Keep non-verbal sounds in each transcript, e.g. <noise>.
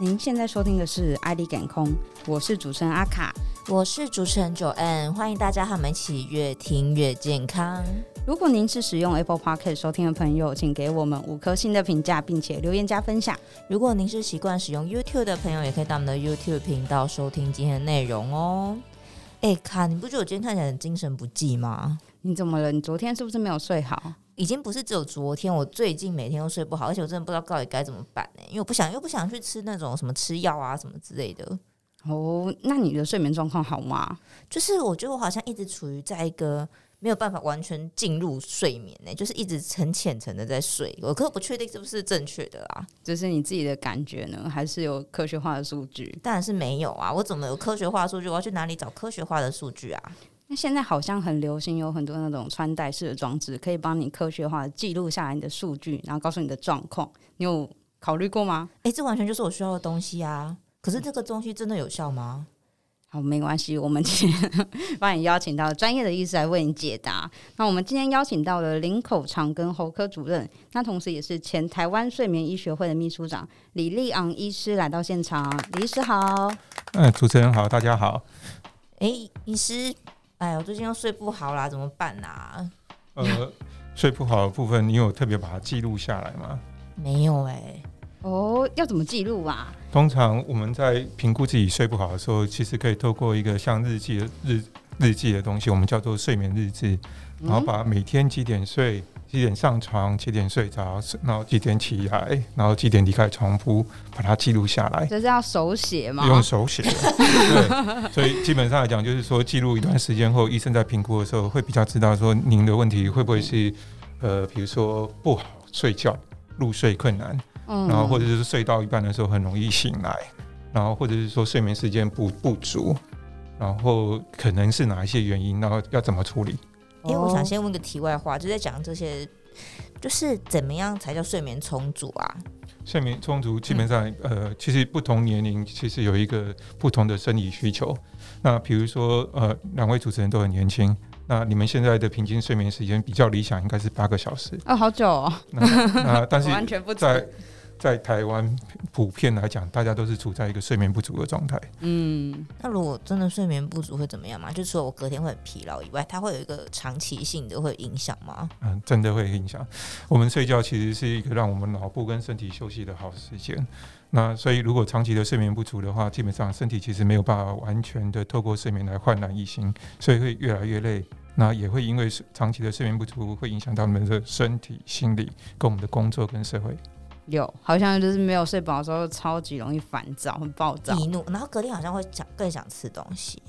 您現在收聽的是《艾迪感空》，我是主持人阿卡，我是主持人九恩，歡迎大家和我們一起越聽越健康。如果您是使用 Apple Podcast 收聽的朋友，請給我們五顆星的評價，並且留言加分享。如果您是習慣使用 YouTube 的朋友，也可以到我們的 YouTube 頻道收聽今天的內容哦。誒，欸、卡，你不覺得我今天看起來很精神不濟嗎？你怎麼了？你昨天是不是沒有睡好？已經不是只有昨天，我最近每天都睡不好，而且我真的不知道到底該怎麼辦呢、欸？因為我不想，又不想去吃那種什麼吃藥啊什麼之類的。哦，oh, 那你的睡眠狀況好嗎？就是我覺得我好像一直處於在一個沒有辦法完全進入睡眠、欸，哎，就是一直很淺層的在睡。可我可不確定是不是正確的啊？就是你自己的感覺呢，還是有科學化的數據？當然是沒有啊！我怎麼有科學化的數據？我要去哪裡找科學化的數據啊？那現在好像很流行，有很多那種穿戴式的裝置，可以幫你科學化記錄下來你的數據，然後告訴你的狀況。你有考慮過嗎？誒、欸，這完全就是我需要的東西啊！可是這個東西真的有效嗎？好，沒關係，我們今天把你邀請到專業的醫師來為你解答。那我們今天邀請到了林口長庚喉科主任，那同時也是前台灣睡眠醫學會的秘書長李立昂醫師來到現場。李醫師好，嗯、欸，主持人好，大家好，哎、欸，醫師。哎，我最近又睡不好啦，啊，怎麼辦啊？呃，睡不好的部分，你有特別把它記錄下來嗎？沒有哎、欸，哦，要怎麼記錄啊？通常我們在評估自己睡不好的時候，其實可以透過一個像日記的日日記的東西，我們叫做睡眠日誌，然後把每天幾點睡。嗯嗯幾點上床，幾點睡着，然後幾點起來，然後幾點離開床鋪，把它記錄下來。這是要手寫嗎？用手寫。 <laughs> 對。所以基本上來講，就是說記錄一段時間後，醫生在評估的時候會比較知道說您的問題會不會是呃，比如說不好睡覺、入睡困難，嗯，然後或者是睡到一半的時候很容易醒來，然後或者是說睡眠時間不不足，然後可能是哪一些原因，然後要怎麼處理？因為我想先問個題外話，就在講這些，就是怎麼樣才叫睡眠充足啊？睡眠充足基本上，嗯、呃，其實不同年齡其實有一個不同的生理需求。那比如說，呃，兩位主持人都很年輕，那你們現在的平均睡眠時間比較理想應該是八個小時啊。哦，好久哦，那那但是 <laughs> 完全不在。在台灣普遍來講，大家都是處在一個睡眠不足的狀態。嗯，那如果真的睡眠不足會怎麼樣嘛？就除了我隔天會很疲勞以外，它會有一個長期性的會影響嗎？嗯，真的會影響。我們睡覺其實是一個讓我們腦部跟身體休息的好時間。那所以如果長期的睡眠不足的話，基本上身體其實沒有辦法完全的透過睡眠來煥然一新，所以會越來越累。那也會因為長期的睡眠不足，會影響到我們的身體、心理，跟我們的工作跟社會。有，好像就是沒有睡飽的時候，超級容易煩躁、很暴躁、易怒，然後隔天好像會想更想吃東西，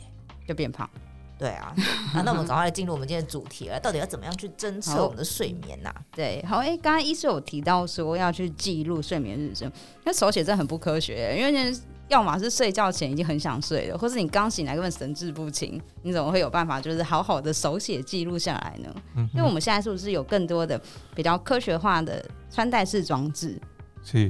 就變胖。對啊， <laughs> 啊，那我們趕快來進入我們今天的主題了， <laughs> 到底要怎麼樣去偵測我們的睡眠吶、啊？對，好，哎、欸，剛剛醫師有提到說要去記錄睡眠日程，那手寫真的很不科學，因為那。要麼是睡覺前已經很想睡了，或是你剛醒來根本神志不清，你怎麼會有辦法就是好好的手寫記錄下來呢？嗯、哼因為我們現在是不是有更多的比較科學化的穿戴式裝置？所以，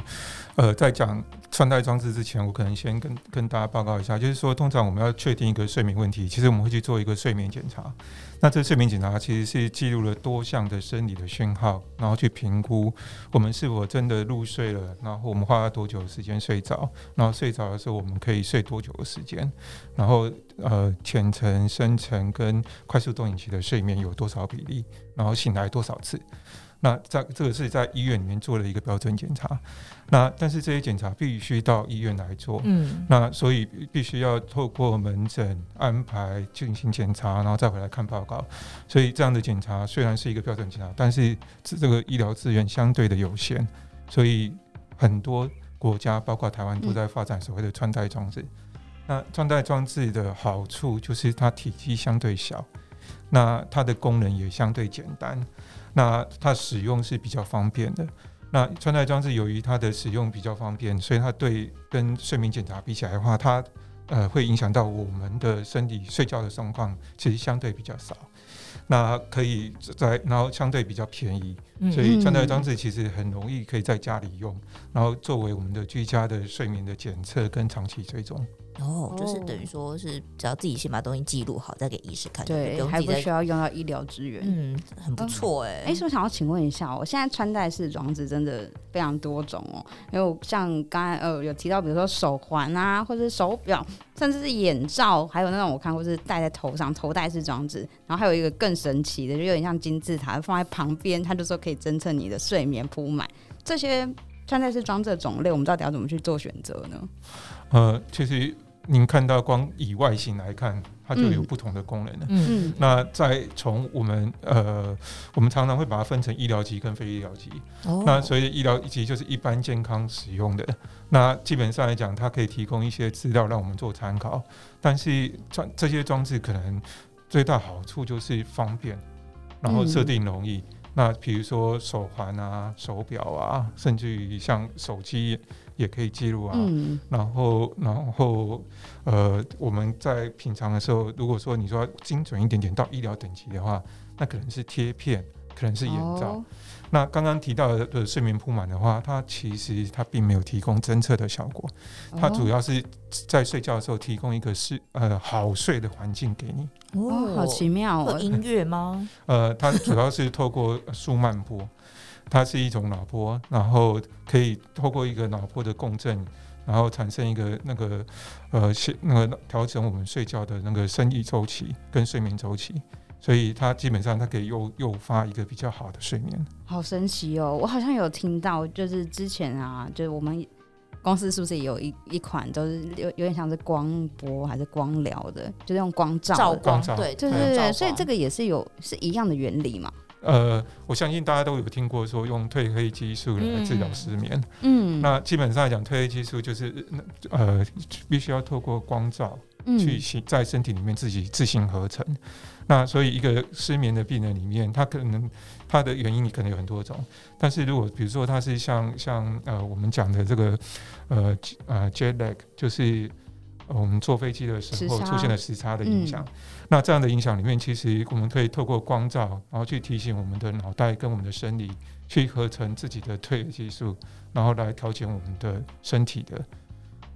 呃，在講。穿戴裝置之前，我可能先跟跟大家報告一下，就是說，通常我們要確定一個睡眠問題，其實我們會去做一個睡眠檢查。那這睡眠檢查其實是記錄了多項的生理的訊號，然後去評估我們是否真的入睡了，然後我們花了多久的時間睡着，然後睡着的時候我們可以睡多久的時間，然後呃淺層、深層、跟快速動眼期的睡眠有多少比例，然後醒來多少次。那這這個是在醫院裡面做的一個標準檢查，那但是這些檢查必須到醫院來做，嗯，那所以必須要透過門診安排進行檢查，然後再回來看報告。所以這樣的檢查雖然是一個標準檢查，但是這這個醫療資源相對的有限，所以很多國家包括台灣都在發展所謂的穿戴裝置。嗯。那穿戴裝置的好處就是它體積相對小，那它的功能也相對簡單。那它使用是比較方便的。那穿戴裝置由於它的使用比較方便，所以它對跟睡眠檢查比起來的話，它呃會影響到我們的身體睡覺的狀況，其實相對比較少。那可以在，然後相對比較便宜，所以穿戴裝置其實很容易可以在家裡用，然後作為我們的居家的睡眠的檢測跟長期追蹤。哦，就是等於說是，只要自己先把東西記錄好，再給醫師看，對，就不還不需要用到醫療資源，嗯，很不錯哎、欸。哎、呃，我、欸、想要請問一下、喔，我現在穿戴式裝置真的非常多種哦、喔，因為我像剛才呃有提到，比如說手環啊，或者是手錶，甚至是眼罩，還有那種我看或是戴在頭上頭戴式裝置，然後還有一個更神奇的，就有點像金字塔放在旁邊，它就是說可以偵測你的睡眠鋪滿。這些穿戴式裝置的種類，我們到底要怎麼去做選擇呢？呃，其實。您看到光以外形來看，它就有不同的功能，嗯，嗯，那再從我們呃，我們常常會把它分成醫療級跟非醫療級。哦，那所以醫療級就是一般健康使用的。那基本上來講，它可以提供一些資料讓我們做參考。但是這些裝置可能最大好處就是方便，然後設定容易。嗯那比如說手環啊、手錶啊，甚至於像手機也可以記錄啊。嗯、然後，然後，呃，我們在平常的時候，如果說你說精準一點點到醫療等級的話，那可能是貼片。可能是眼罩。Oh. 那剛剛提到的睡眠鋪滿的話，它其實它並沒有提供偵測的效果，oh. 它主要是在睡覺的時候提供一個是呃好睡的環境給你。Oh, 哦，好奇妙、哦，有音樂嗎？呃，它主要是透過舒曼波， <laughs> 它是一種腦波，然後可以透過一個腦波的共振，然後產生一個那個呃，那個調整我們睡覺的那個生理週期跟睡眠週期。所以它基本上它可以誘誘發一個比較好的睡眠，好神奇哦！我好像有聽到，就是之前啊，就是我們公司是不是也有一一款都是有有點像是光波還是光療的，就是用光照，照光，光對，對對對，所以這個也是有是一樣的原理嘛？呃，我相信大家都有聽過說用褪黑激素來治療失眠，嗯，嗯那基本上講，褪黑激素就是呃必須要透過光照。去在身體裡面自己自行合成，嗯、那所以一個失眠的病人裡面，他可能他的原因，可能有很多種。但是如果比如說他是像像呃我們講的這個呃呃、啊、jet lag，就是我們坐飛機的時候出現了時差的影響，嗯、那這樣的影響裡面，其實我們可以透過光照，然後去提醒我們的腦袋跟我們的生理，去合成自己的褪黑激素，然後來調節我們的身體的。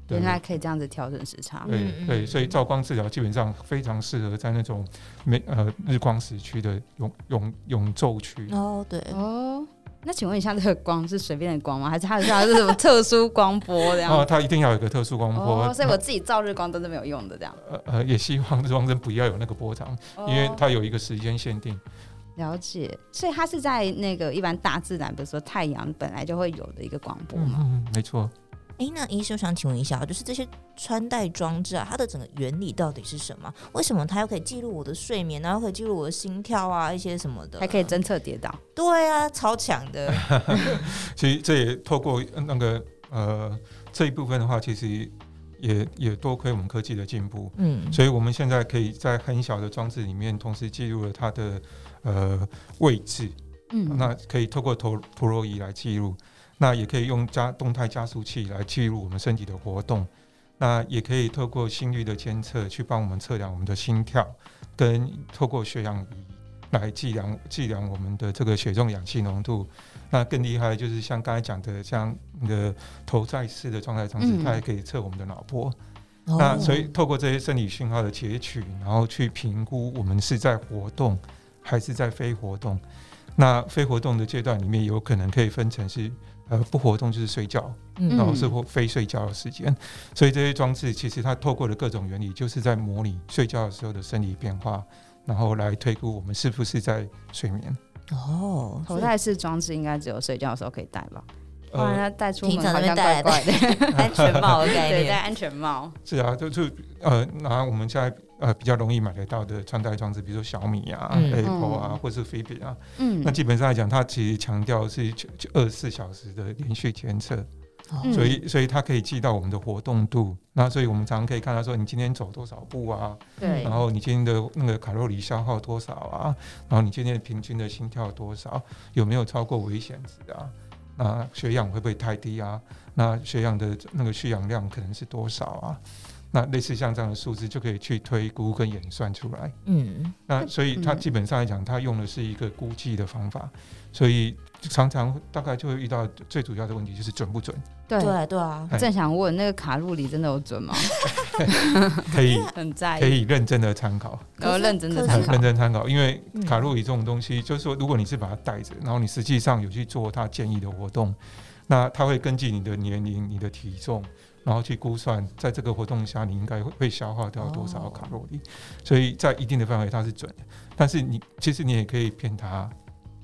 原來對可以這樣子調整時差。對對，所以照光治療基本上非常適合在那種沒呃日光時區的永永永晝區。哦、oh, 對，對哦。那請問一下，這個光是隨便的光嗎？還是它需要是什麼特殊光波這樣？哦， <laughs> oh, 它一定要有個特殊光波。Oh, 啊、所以我自己照日光都是沒有用的這樣。呃呃，也希望日光燈不要有那個波長，因為它有一個時間限定。Oh, 了解，所以它是在那個一般大自然，比如說太陽本來就會有的一個光波嘛。嗯，沒錯。哎、欸，那醫生想請問一下，就是這些穿戴裝置啊，它的整個原理到底是什麼？為什麼它又可以記錄我的睡眠，然後還可以記錄我的心跳啊，一些什麼的，還可以偵測跌倒？對啊，超強的。 <laughs> 其實這也透過那個呃這一部分的話，其實也也多虧我們科技的進步，嗯，所以我們現在可以在很小的裝置裡面同時記錄了它的呃位置，嗯、啊，那可以透過陀陀螺儀來記錄。那也可以用加動態加速器來記錄我們身體的活動，那也可以透過心率的監測去幫我們測量我們的心跳，跟透過血氧儀來計量計量我們的這個血中氧氣濃度。那更厲害的就是像剛才講的，像你的頭戴式的狀態同時它還可以測我們的腦波。嗯、那所以透過這些生理訊號的截取，然後去評估我們是在活動還是在非活動。那非活動的階段裡面，有可能可以分成是。呃，不活動就是睡覺，然後是或非睡覺的時間，嗯、所以這些裝置其實它透過了各種原理，就是在模擬睡覺的時候的生理變化，然後來推估我們是不是在睡眠。哦，頭戴式裝置應該只有睡覺的時候可以戴吧？不然要戴出門好像怪怪的。平常就戴戴 <laughs> 安全帽的概念 <laughs> 對，戴安全帽。 <laughs> 是啊，就就是、呃，那我們現在。呃，比較容易買得到的穿戴裝置，比如說小米啊、嗯、Apple 啊，嗯、或者是 Fitbit 啊。嗯，那基本上來講，它其實強調是二十四小時的連續監測，嗯、所以，所以它可以記到我們的活動度。那所以我們常常可以看到說，你今天走多少步啊？對。然後你今天的那個卡路里消耗多少啊？然後你今天平均的心跳多少？有沒有超過危險值啊？那血氧會不會太低啊？那血氧的那個血氧量可能是多少啊？那類似像這樣的數字就可以去推估跟演算出來。嗯，那所以他基本上來講，他用的是一個估計的方法，所以常常大概就會遇到最主要的問題就是準不準？對對，對啊，正想問那個卡路里真的有準嗎？ <laughs> 可以可以認真的參考，然後是認真的認真參考，是因為卡路里這種東西，嗯、就是說如果你是把它帶着，然後你實際上有去做他建議的活動，那他會根據你的年齡、你的體重。然後去估算，在這個活動下你應該會會消耗掉多少卡路里，oh, okay. 所以在一定的範圍它是準的。但是你其實你也可以騙他，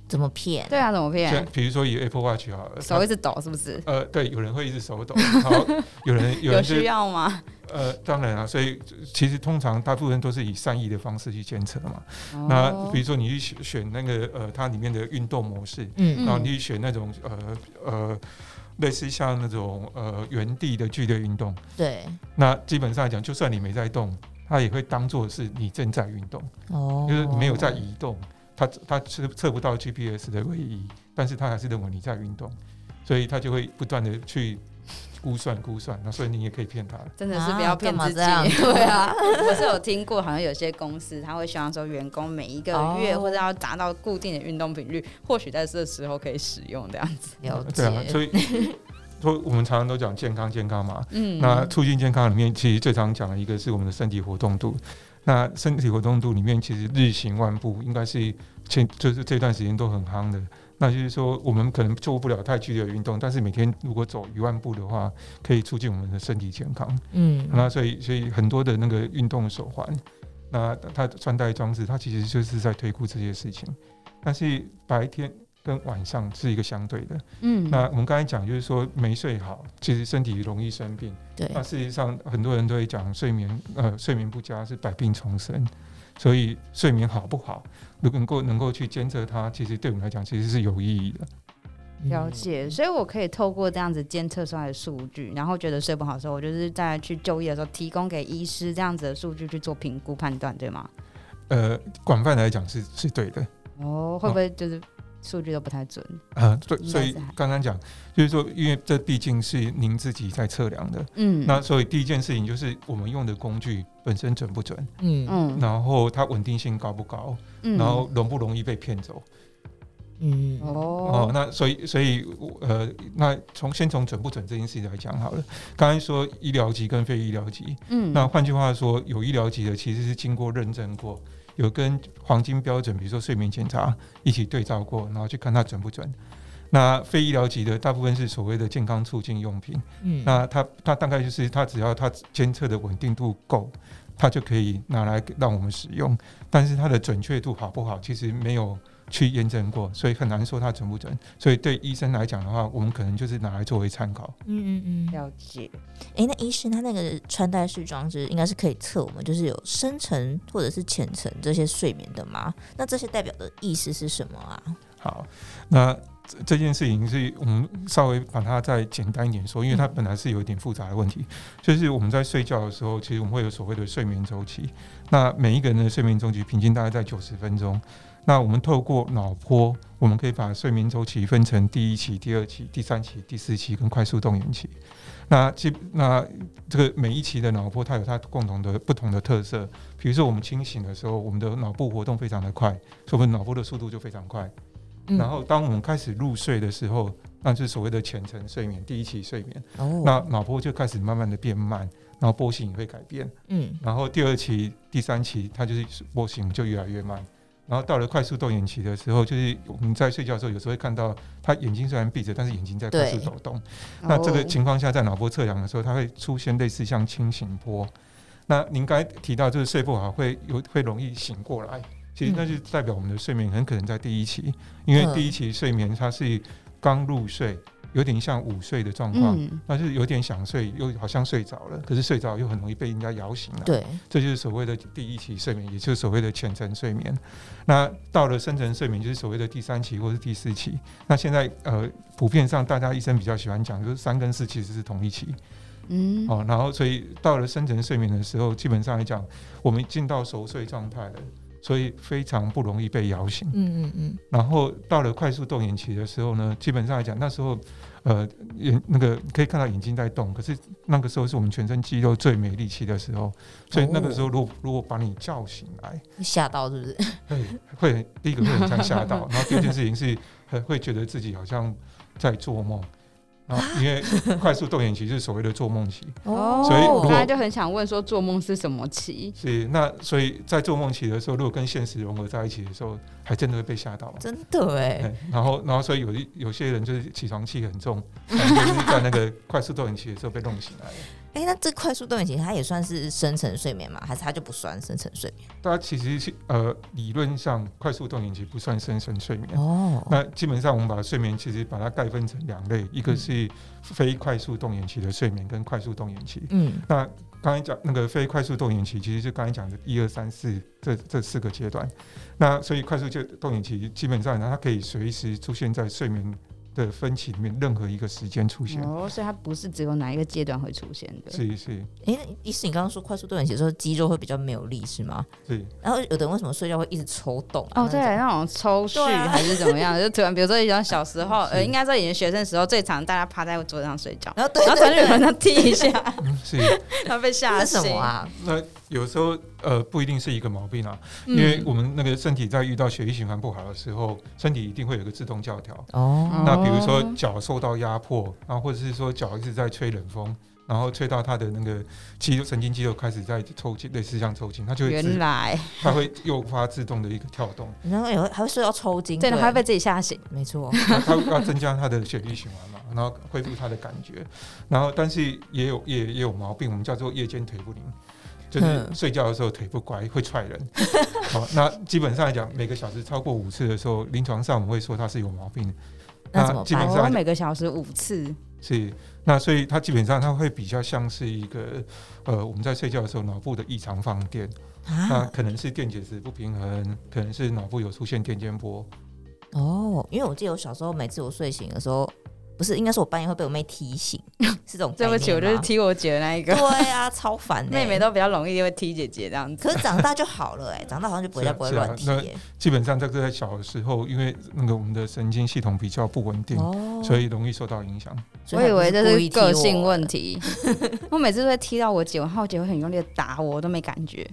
怎麼騙？對啊，怎麼騙？比如說以 Apple Watch 好了，手一直抖是不是？呃，對，有人會一直手抖， <laughs> 然後有人，有，人 <laughs> 有需要嗎？呃，當然啊，所以其實通常大部分都是以善意的方式去監測嘛。Oh. 那比如說你去選那個呃，它裡面的運動模式，嗯，然後你去選那種呃呃。呃類似像那種呃原地的劇烈運動，對，那基本上來講，就算你沒在動，它也會當做是你正在運動，哦，oh、就是你沒有在移動，它它是測不到 GPS 的位移，但是它還是認為你在運動，所以它就會不斷的去。估算估算，那所以你也可以騙他，真的是不要騙自己。啊對啊， <laughs> 我是有聽過，好像有些公司他會希望說，員工每一個月或者要達到固定的運動頻率，哦、或許在這時候可以使用這樣子。了解。對啊，所以 <laughs> 說我們常常都講健康健康嘛，嗯，那促進健康裡面其實最常講的一個是我們的身體活動度，那身體活動度裡面其實日行萬步應該是前就是這段時間都很夯的。那就是說，我們可能做不了太劇烈的運動，但是每天如果走一萬步的話，可以促進我們的身體健康。嗯，那所以，所以很多的那個運動手環，那它穿戴裝置，它其實就是在推估這些事情。但是白天跟晚上是一個相對的。嗯，那我們剛才講就是說，沒睡好，其實身體容易生病。對。那事實上，很多人都會講睡眠，呃，睡眠不佳是百病叢生。所以睡眠好不好，能夠能夠去監測它，其實對我們來講，其實是有意義的，嗯。了解，所以我可以透過這樣子監測出來的數據，然後覺得睡不好的時候，我就是在去就醫的時候提供給醫師這樣子的數據去做評估判斷，對嗎？呃，廣泛來講是是對的。哦，會不會就是？哦數據都不太準啊，所以剛剛講就是說，因為這畢竟是您自己在測量的，嗯，那所以第一件事情就是我們用的工具本身準不準，嗯，然後它穩定性高不高，嗯，然後容不容易被騙走。嗯哦，那所以所以，呃，那從先從準不準這件事情來講好了。剛才說醫療級跟非醫療級，嗯，那換句話說，有醫療級的其實是經過認證過，有跟黃金標準，比如說睡眠檢查一起對照過，然後去看它準不準。那非醫療級的大部分是所謂的健康促進用品，嗯，那它它大概就是它只要它監測的穩定度夠，它就可以拿來讓我們使用，但是它的準確度好不好，其實沒有。去驗證過，所以很難說它準不準。所以對醫生來講的話，我們可能就是拿來作為參考。嗯嗯嗯，了解。哎、欸，那醫生他那個穿戴式裝置應該是可以測我們就是有深層或者是淺層這些睡眠的嗎？那這些代表的意思是什麼啊？好，那這件事情是我們稍微把它再簡單一點說，因為它本來是有一點複雜的問題。嗯、就是我們在睡覺的時候，其實我們會有所謂的睡眠週期。那每一個人的睡眠週期平均大概在九十分鐘。那我們透過腦波，我們可以把睡眠周期分成第一期、第二期、第三期、第四期跟快速動眼期。那這那這個每一期的腦波，它有它共同的不同的特色。比如說，我們清醒的時候，我們的腦部活動非常的快，所以我們腦波的速度就非常快。嗯、然後，當我們開始入睡的時候，那就是所謂的淺層睡眠，第一期睡眠，哦、那腦波就開始慢慢的變慢，然後波形也會改變。嗯，然後第二期、第三期，它就是波形就越來越慢。然後到了快速動眼期的時候，就是我們在睡覺的時候，有時候會看到他眼睛雖然閉着，但是眼睛在快速抖動。對那這個情況下，在腦波測量的時候，它會出現類似像清醒波。那您剛才提到就是睡不好會有會容易醒過來，其實那就代表我們的睡眠很可能在第一期，嗯、因為第一期睡眠它是剛入睡。有點像午睡的狀況，嗯、那就是有點想睡，又好像睡着了，可是睡着又很容易被人家搖醒了、啊。對，這就是所謂的第一期睡眠，也就是所謂的淺層睡眠。那到了深層睡眠，就是所謂的第三期或是第四期。那現在呃，普遍上大家醫生比較喜歡講，就是三跟四其實是同一期。嗯，哦，然後所以到了深層睡眠的時候，基本上來講，我們進到熟睡狀態了。所以非常不容易被搖醒。嗯嗯嗯。然後到了快速動眼期的時候呢，基本上來講，那時候，呃，眼那個可以看到眼睛在動，可是那個時候是我們全身肌肉最沒力氣的時候，所以那個時候，如果如果把你叫醒來，嚇到是不是？會會第一個會很像嚇到，然後第二件事情是會會覺得自己好像在做夢。哦、因為快速動眼期是所謂的做夢期， <laughs> 所以大家就很想問說，做夢、哦、是什麼期？是那，所以在做夢期的時候，如果跟現實融合在一起的時候。還真的會被嚇到嗎？真的哎、欸。然後，然後，所以有一有些人就是起床氣很重， <laughs> 就是在那個快速動眼期的時候被弄醒來了。哎、欸，那這快速動眼期，它也算是深層睡眠嗎？還是它就不算深層睡眠？大家其實是它其實是呃，理論上快速動眼期不算深層睡眠哦。那基本上我們把睡眠其實把它概分成兩類，嗯、一個是非快速動眼期的睡眠，跟快速動眼期。嗯。那剛才講那個非快速動眼期，其實就剛才講的一二三四這這四個階段。那所以快速。就動眼期基本上，它可以隨時出現在睡眠的分期裡面，任何一個時間出現哦，所以它不是只有哪一個階段會出現的。是是。哎，醫師、欸、你剛剛說快速動眼期的時候肌肉會比較沒有力是嗎？對是。然後有的人為什麼睡覺會一直抽動啊？哦，對，那，是那種抽搐還是怎麼樣？啊，就突然，比如說以前小時候，呃、 <laughs> 嗯，應該說以前學生時候最常大家趴在我桌子上睡覺，然後突然後，有人在踢一下，他 <laughs> 是被嚇醒啊。有時候呃不一定是一個毛病啊，嗯，因為我們那個身體在遇到血液循環不好的時候，身體一定會有個自動校調哦。那比如說腳受到壓迫，然後或者是說腳一直在吹冷風，然後吹到他的那個肌肉神經肌肉開始在抽筋，類似像抽筋，它就會原來它會誘發自動的一個跳動， <laughs> 然後也會還會受到抽筋，對，還會被自己嚇醒。對，沒錯。它要增加它的血液循環嘛，然後恢復它的感覺，然後但是也有也也有毛病，我們叫做夜間腿不靈。就是睡覺的時候腿不乖，會踹人。 <laughs> 好，那基本上來講，每個小時超過五次的時候，臨床上我們會說他是有毛病的。那，那基本上每個小時五次，是那所以他基本上他會比較像是一個呃，我們在睡覺的時候腦部的異常放電，啊、那可能是電解質不平衡，可能是腦部有出現電尖波。哦，因為我記得我小時候每次我睡醒的時候。不是，應該是我半夜會被我妹踢醒，是這種。對不起，我就是踢我姐的那一個。 <laughs> 對啊，超煩，欸。妹妹都比較容易會踢姐姐這樣子，可是長大就好了哎，欸， <laughs> 長大好像就不會再不會亂踢，欸啊啊。基本上這個在小的時候，因為那個我們的神經系統比較不穩定，哦，所以容易受到影響。所以我，我以為這是個性問題， <laughs> 我每次都會踢到我姐，我後姐會很用力的打我，我都沒感覺。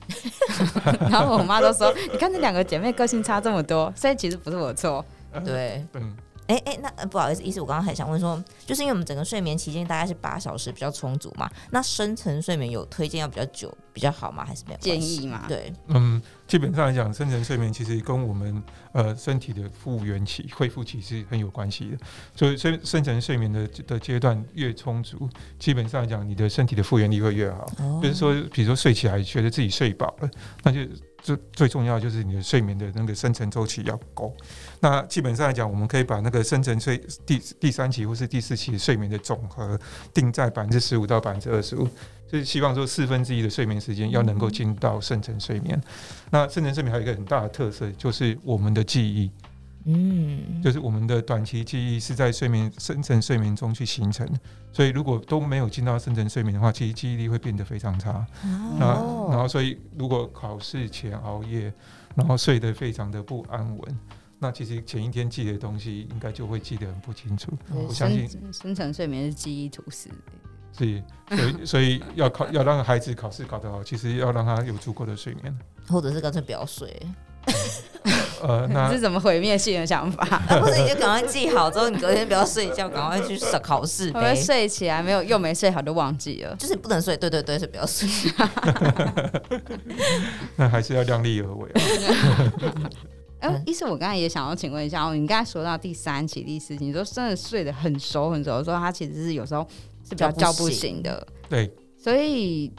<laughs> 然後我媽都說：“ <laughs> 你看這兩個姐妹個性差這麼多，所以其實不是我錯。呃”對。嗯。哎哎、欸欸，那不好意思，意思我剛剛還想問說，就是因為我們整個睡眠期間大概是八小時比較充足嘛，那深層睡眠有推薦要比較久比較好嗎？還是沒有建議嗎？對，嗯，基本上來講，深層睡眠其實跟我們呃身體的復原期、恢復期是很有關係的，所以深深層睡眠的的階段越充足，基本上來講你的身體的復原力會越好。就是、哦、說，比如說睡起來覺得自己睡飽了，那就。最最重要就是你的睡眠的那個深層週期要夠。那基本上來講，我們可以把那個深層睡第第三期，或是第四期睡眠的總和定在百分之十五到百分之二十五，就是希望說四分之一的睡眠時間要能夠進到深層睡眠。那深層睡眠還有一個很大的特色，就是我們的記憶。嗯，就是我們的短期記憶是在睡眠深層睡眠中去形成，所以如果都沒有進到深層睡眠的話，其實記憶力會變得非常差。哦、那然後所以如果考試前熬夜，然後睡得非常的不安穩，那其實前一天記的東西應該就會記得很不清楚。嗯、我相信深層睡眠是記憶吐司、欸。是，所以 <laughs> 所以要考要讓孩子考試考得好，其實要讓他有足夠的睡眠，或者是乾脆不要睡。 <laughs> 你、呃、是怎麼毀滅性的想法？或者、啊、你就趕快記好，之後你隔天不要睡覺，趕 <laughs> 快去考試。因為睡起來沒有，又沒睡好，就忘記了。就是不能睡，對對對，是不要睡。 <laughs> <laughs> 那還是要量力而為、啊。哎、 <laughs> 呃，醫生，我剛才也想要請問一下，哦，你剛才說到第三期第四期，你說真的睡得很熟很熟的時候，他其實是有時候是比較叫不醒的不。對，所以。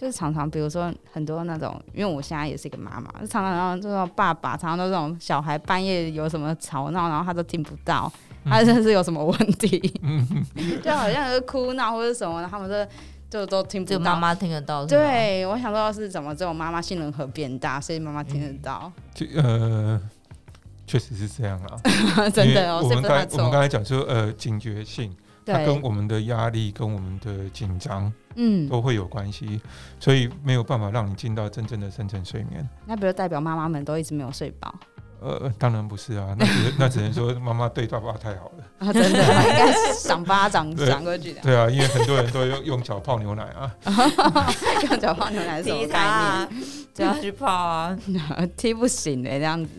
就是常常，比如說很多那種，因為我現在也是一個媽媽，就常常然後就說爸爸，常常都這種小孩半夜有什麼吵鬧，然後他都聽不到，嗯、他真的是有什麼問題，嗯、 <laughs> 就好像就是哭鬧或者什麼，他們這就，就都聽不到。媽媽聽得到。對，我想說是怎麼這種媽媽杏仁核變大，所以媽媽聽得到。嗯、呃，確實是這樣啊，真的哦，是沒錯。我們剛才講說，是呃警覺性。它對跟我們的壓力、跟我們的緊張，嗯，都會有關係，嗯、所以沒有辦法讓你進到真正的深層睡眠。那不就代表媽媽們都一直沒有睡飽？呃，當然不是啊，那只 <laughs> 那只能說媽媽對爸爸太好了啊，真的應該賞巴掌賞過去對。對啊，因為很多人都用用腳泡牛奶啊， <laughs> 用腳泡牛奶是什麼概、啊、要去泡啊， <laughs> 踢不行哎、欸，這樣子。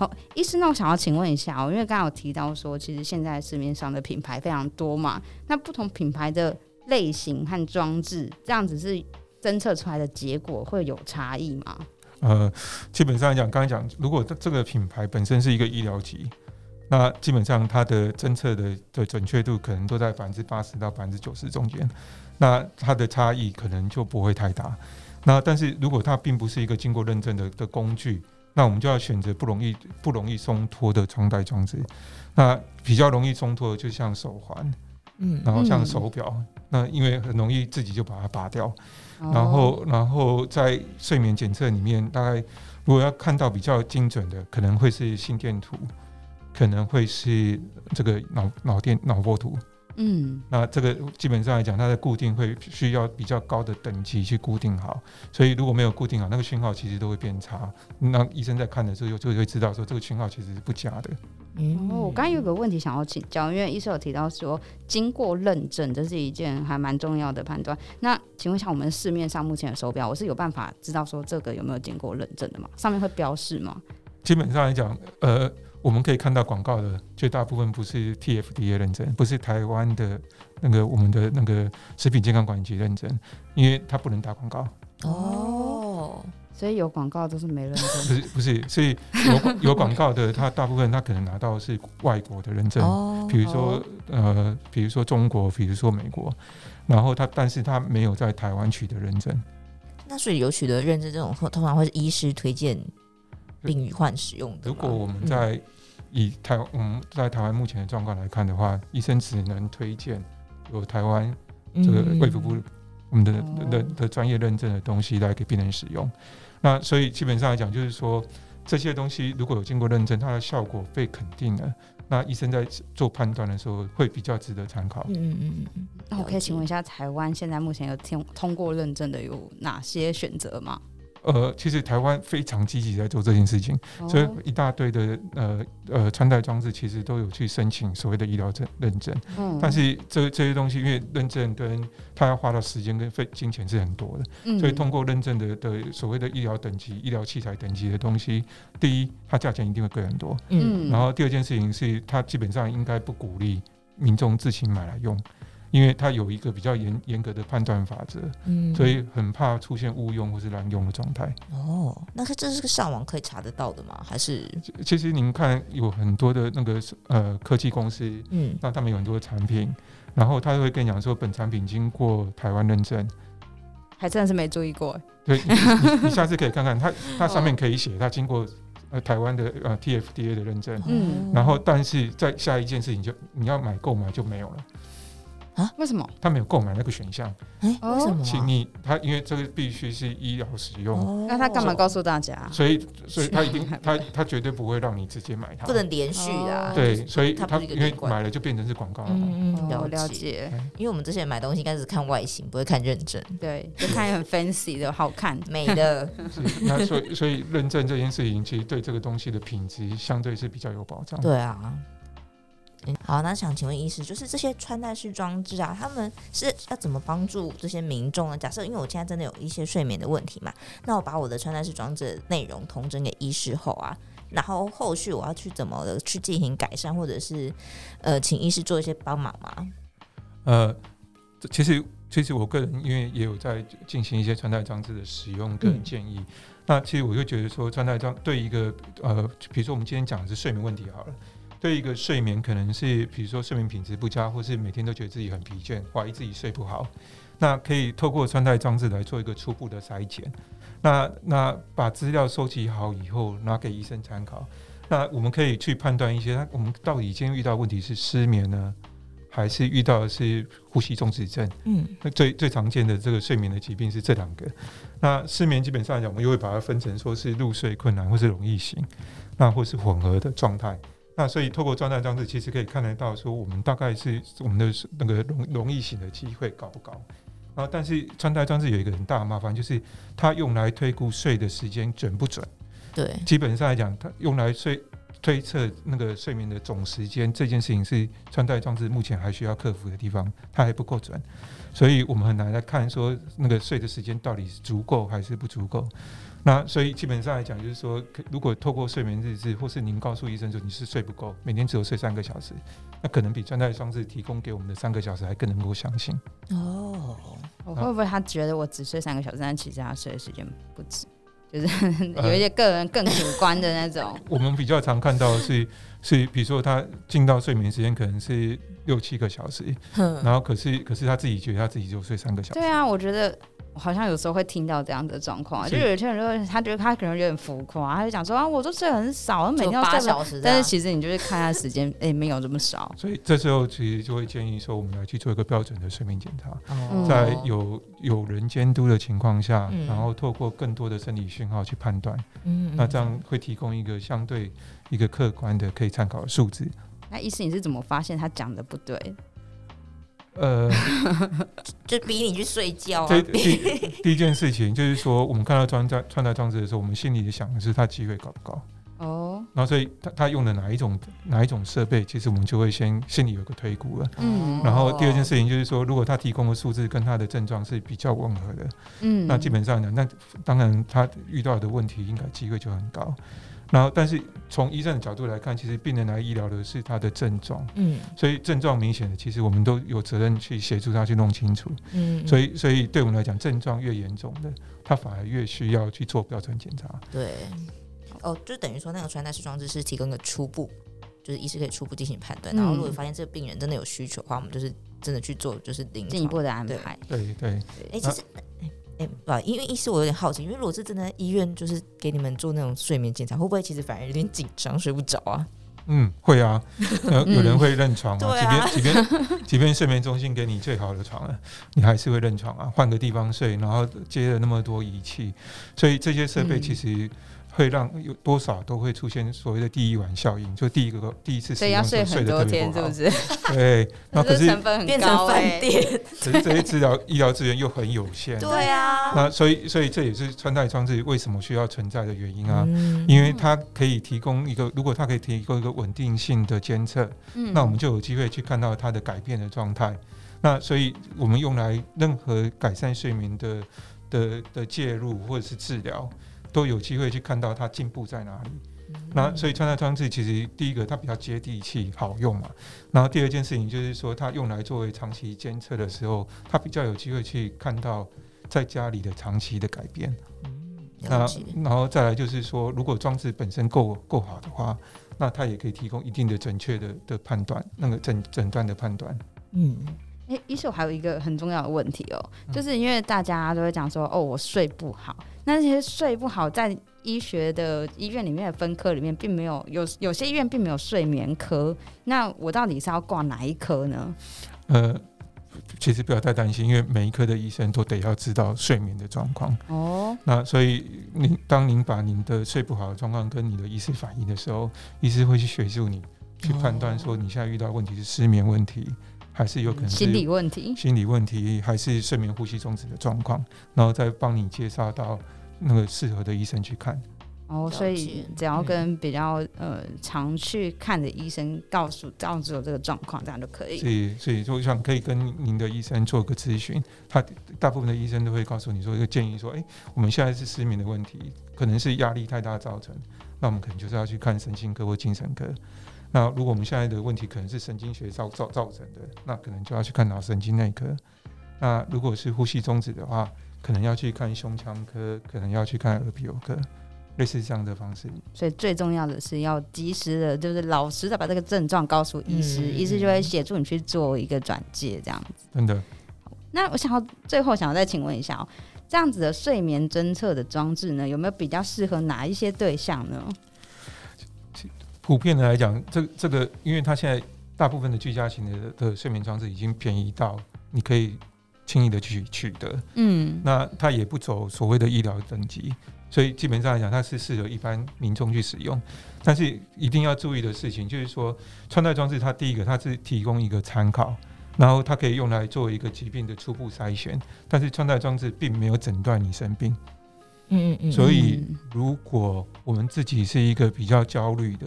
好，醫師，那我想要請問一下喔，因為剛剛有提到說，其實現在市面上的品牌非常多嘛，那不同品牌的類型和裝置，這樣子是偵測出來的結果會有差異嗎？呃，基本上講，剛才講，如果這個品牌本身是一個醫療級，那基本上它的偵測的的準確度可能都在百分之八十到百分之九十中間，那它的差異可能就不會太大。那但是如果它並不是一個經過認證的的工具。那我們就要選擇不容易不容易鬆脫的穿戴裝置，那比較容易鬆脫的就像手環，嗯，然後像手錶，嗯、那因為很容易自己就把它拔掉，嗯、然後然後在睡眠檢測裡面，大概如果要看到比較精準的，可能會是心電圖，可能會是這個腦、腦電、腦波圖。嗯，那這個基本上來講，它的固定會需要比較高的等級去固定好，所以如果沒有固定好，那個訊號其實都會變差。那醫生在看的時候，就會知道說這個訊號其實是不佳的。嗯、哦，我剛剛有個問題想要請教，因為醫生有提到說經過認證，這是一件還蠻重要的判斷。那請問一下，我們市面上目前的手錶，我是有辦法知道說這個有沒有經過認證的嗎？上面會標示嗎？基本上來講，呃，我們可以看到廣告的絕大部分不是 TFDA 認證，不是台灣的那個我們的那個食品健康管理局認證，因為它不能打廣告。哦，所以有廣告都是沒認證。不是不是，所以有有廣告的，他大部分他可能拿到是外國的認證，比如說、哦、哦、呃，比如說中國，比如說美國，然後他但是他沒有在台灣取得認證。那所以有取得認證這種，通常會是醫師推薦，病患使用的。如果我們在以台，我們在台灣目前的狀況來看的話，醫生只能推薦有台灣這個衛福部我們的的的專業認證的東西來給病人使用。那所以基本上來講，就是說這些東西如果有經過認證，它的效果被肯定了，那醫生在做判斷的時候會比較值得參考。嗯嗯嗯嗯。那我可以請問一下，台灣現在目前有通通過認證的有哪些選擇嗎？呃，其實台灣非常積極在做這件事情，oh. 所以一大堆的呃呃穿戴裝置其實都有去申請所謂的醫療證認證。嗯，但是這這些東西因為認證跟它要花的時間跟費金錢是很多的，嗯，所以通過認證的的所謂的醫療等級、醫療器材等級的東西，第一它價錢一定會貴很多，嗯，然後第二件事情是它基本上應該不鼓勵民眾自行買來用。因為它有一個比較嚴嚴格的判斷法則，嗯，所以很怕出現誤用或是濫用的狀態。哦，那他這是個上網可以查得到的嗎？還是？其實您看有很多的那個呃科技公司，嗯，那他們有很多的產品，嗯，然後他會跟你講說本產品經過台灣認證。還真的是沒注意過欸。對，你 <laughs> 你，你下次可以看看，他它上面可以寫他經過台呃台灣的呃 TFDA 的認證，嗯，然後但是在下一件事情就你要買購買就沒有了。啊？為什麼他沒有購買那個選項？哎，請你他因為這個必須是醫療使用。那他幹嘛告訴大家？所以，所以他一定他他絕對不會讓你直接買它。不能連續的。對，所以他因為買了就變成是廣告了嘛。嗯，了解，因為我們之前買東西，應該是看外形，不會看認證。對，就看很 fancy 的，好看、美的。那所以所以認證這件事情，其實對這個東西的品質相對是比較有保障。對啊。嗯、好，那想請問醫師，就是這些穿戴式裝置啊，他們是要怎麼幫助這些民眾呢？啊？假設因為我現在真的有一些睡眠的問題嘛，那我把我的穿戴式裝置的內容統整給醫師後啊，然後後續我要去怎麼的去進行改善，或者是呃，請醫師做一些幫忙嗎？呃，其實其實我個人因為也有在進行一些穿戴裝置的使用跟建議，嗯、那其實我就覺得說，穿戴裝對一個呃，比如說我們今天講的是睡眠問題好了。對一個睡眠可能是，比如說睡眠品質不佳，或是每天都覺得自己很疲倦，懷疑自己睡不好，那可以透過穿戴裝置來做一個初步的篩檢。那那把資料收集好以後，拿給醫生參考。那我們可以去判斷一些，那我們到底今天遇到問題是失眠呢，還是遇到的是呼吸中止症？嗯，那最最常見的這個睡眠的疾病是這兩個。那失眠基本上來講，我們又會把它分成說是入睡困難，或是容易醒，那或是混合的狀態。那所以，透過穿戴裝置，其實可以看得到，說我們大概是我們的那個容容易醒的機會高不高？然後，但是穿戴裝置有一個很大的麻煩，就是它用來推估睡的時間準不準？對，基本上來講，它用來睡推測那個睡眠的總時間，這件事情是穿戴裝置目前還需要克服的地方，它還不夠準，所以我們很難來看說那個睡的時間到底足夠還是不足夠。那所以基本上來講，就是說，如果透過睡眠日誌，或是您告訴醫生說你是睡不夠，每天只有睡三個小時，那可能比穿戴裝置提供給我們的三個小時還更能夠相信。哦、oh, 那，我會不會他覺得我只睡三個小時，但其實他睡的時間不止，就是 <laughs> 有一些個人更主、呃、觀的那種。我們比較常看到的是是，是比如說他進到睡眠時間可能是六七個小時，呵然後可是可是他自己覺得他自己就睡三個小時。對啊，我覺得。好像有時候會聽到這樣的狀況、啊，是就有些人就，他就他覺得他可能有點浮誇、啊，他就講說啊，我都睡很少，我每天睡八小時，但是其實你就是看他時間，哎、 <laughs> 欸，沒有這麼少。所以這時候其實就會建議說，我們來去做一個標準的睡眠檢查，哦、在有有人監督的情況下，然後透過更多的生理訊號去判斷，嗯，那這樣會提供一個相對一個客觀的可以參考的數字。那醫師你是怎麼發現他講的不對？呃， <laughs> 就逼你去睡覺啊。啊對逼第一件事情就是說，我們看到穿戴穿戴裝置的時候，我們心裡就想的是他機會高不高？哦，然後所以他他用的哪一種哪一種設備，其實我們就會先心裡有個推估了。嗯，然後第二件事情就是說，如果他提供的數字跟他的症狀是比較吻合的，嗯，那基本上呢，那當然他遇到的問題應該機會就很高。然後，但是從醫生的角度來看，其實病人來醫療的是他的症狀，嗯，所以症狀明顯的，其實我們都有責任去協助他去弄清楚，嗯，所以，所以對我們來講，症狀越嚴重的，他反而越需要去做標準檢查，對，哦，就等於說那個穿戴式裝置是提供個初步，就是醫師可以初步進行判斷，嗯、然後如果發現這個病人真的有需求的話，我們就是真的去做，就是進一步的安排，對對，哎，欸、那其實。因為、欸、醫師，我有點好奇，因為如果是真的醫院，就是給你們做那種睡眠檢查，會不會其實反而有點緊張，睡不着啊？嗯，會啊，有、 <laughs> 嗯、有人會認床啊，對啊 <laughs> 即便即便即便睡眠中心給你最好的床，你還是會認床啊，換個地方睡，然後接了那麼多儀器，所以這些設備其實、嗯。會讓有多少都會出現所謂的第一晚效應，就第一個第一次使用睡，所以要睡很多天，是不是？ <laughs> 對，那可是變成飯店，可是這些治療醫療資源又很有限，對啊。那所以所以這也是穿戴裝置為什麼需要存在的原因啊，嗯、因為它可以提供一個，如果它可以提供一個穩定性的監測，嗯、那我們就有機會去看到它的改變的狀態。那所以我們用來任何改善睡眠的的的介入或者是治療。都有機會去看到它進步在哪裡。嗯、那所以穿戴裝置其實第一個它比較接地氣，好用嘛。然後第二件事情就是說，它用來作為長期監測的時候，它比較有機會去看到在家裡的長期的改變。嗯、那然後再來就是說，如果裝置本身夠夠好的話，那它也可以提供一定的準確的的判斷，那個診診斷的判斷。嗯。誒，醫生，我還有一個很重要的問題哦、喔，就是因為大家都會講說，哦，我睡不好。那些睡不好，在醫學的醫院裡面的分科裡面，並沒有有有些醫院並沒有睡眠科。那我到底是要掛哪一科呢？呃，其實不要太擔心，因為每一科的醫生都得要知道睡眠的狀況。哦，那所以您當您把您的睡不好的狀況跟你的醫師反映的時候，醫師會去協助你去判斷說你現在遇到的問題是失眠問題。還是有可能心理問題，心理問題還是睡眠呼吸中止的狀況，然後再幫你介紹到那個適合的醫生去看。哦，所以只要跟比較呃常去看的醫生告訴，這樣子的這個狀況，這樣就可以。以、嗯、所以就想可以跟您的醫生做個諮詢，他大部分的醫生都會告訴你說一個建議說，哎、欸，我們現在是失眠的問題，可能是壓力太大造成，那我們可能就是要去看神經科或精神科。那如果我們現在的問題可能是神經學造造造成的，那可能就要去看腦神經內科。那如果是呼吸中止的話，可能要去看胸腔科，可能要去看耳鼻喉科，類似這樣的方式。所以最重要的是要及時的，就是老實的把這個症狀告訴醫師，嗯、醫師就會協助你去做一個轉介這樣子。真的好。那我想要最後想要再請問一下哦、喔，這樣子的睡眠偵測的裝置呢，有沒有比較適合哪一些對象呢？普遍的來講，這個、這個，因為它現在大部分的居家型的的睡眠裝置已經便宜到你可以輕易的去取得，嗯，那它也不走所謂的醫療等級，所以基本上來講，它是適合一般民眾去使用。但是一定要注意的事情就是說，穿戴裝置它第一個它是提供一個參考，然後它可以用來做一個疾病的初步篩選，但是穿戴裝置並沒有診斷你生病。嗯嗯、所以如果我們自己是一個比較焦慮的、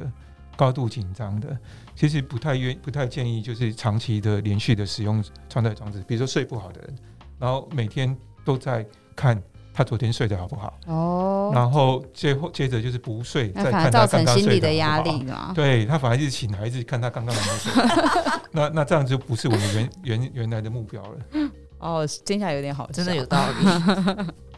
高度緊張的，其實不太願、不太建議，就是長期的、連續的使用穿戴裝置。比如說睡不好的人，然後每天都在看他昨天睡得好不好哦，然後最後接着就是不睡，再看他，看他睡得好不好，那反正造成心理的壓力嘛。對，他，反而就請孩子看他剛剛有沒有睡。 <laughs> 那那這樣就不是我們原 <laughs> 原原來的目標了。哦，聽起來有點好，真的有道理。 <laughs>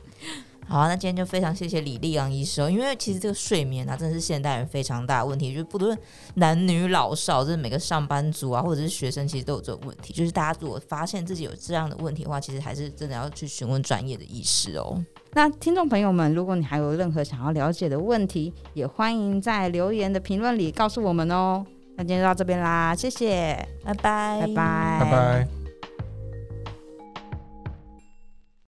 好啊，那今天就非常謝謝李立昂醫生哦，因為其實這個睡眠啊，真的是現代人非常大的問題，就是不論男女老少，就是每個上班族啊，或者是學生，其實都有這種問題。就是大家如果發現自己有這樣的問題的話，其實還是真的要去詢問專業的醫師哦。那聽眾朋友們，如果你還有任何想要了解的問題，也歡迎在留言的評論裡告訴我們哦。那今天就到這邊啦，謝謝，拜拜，拜拜，拜拜。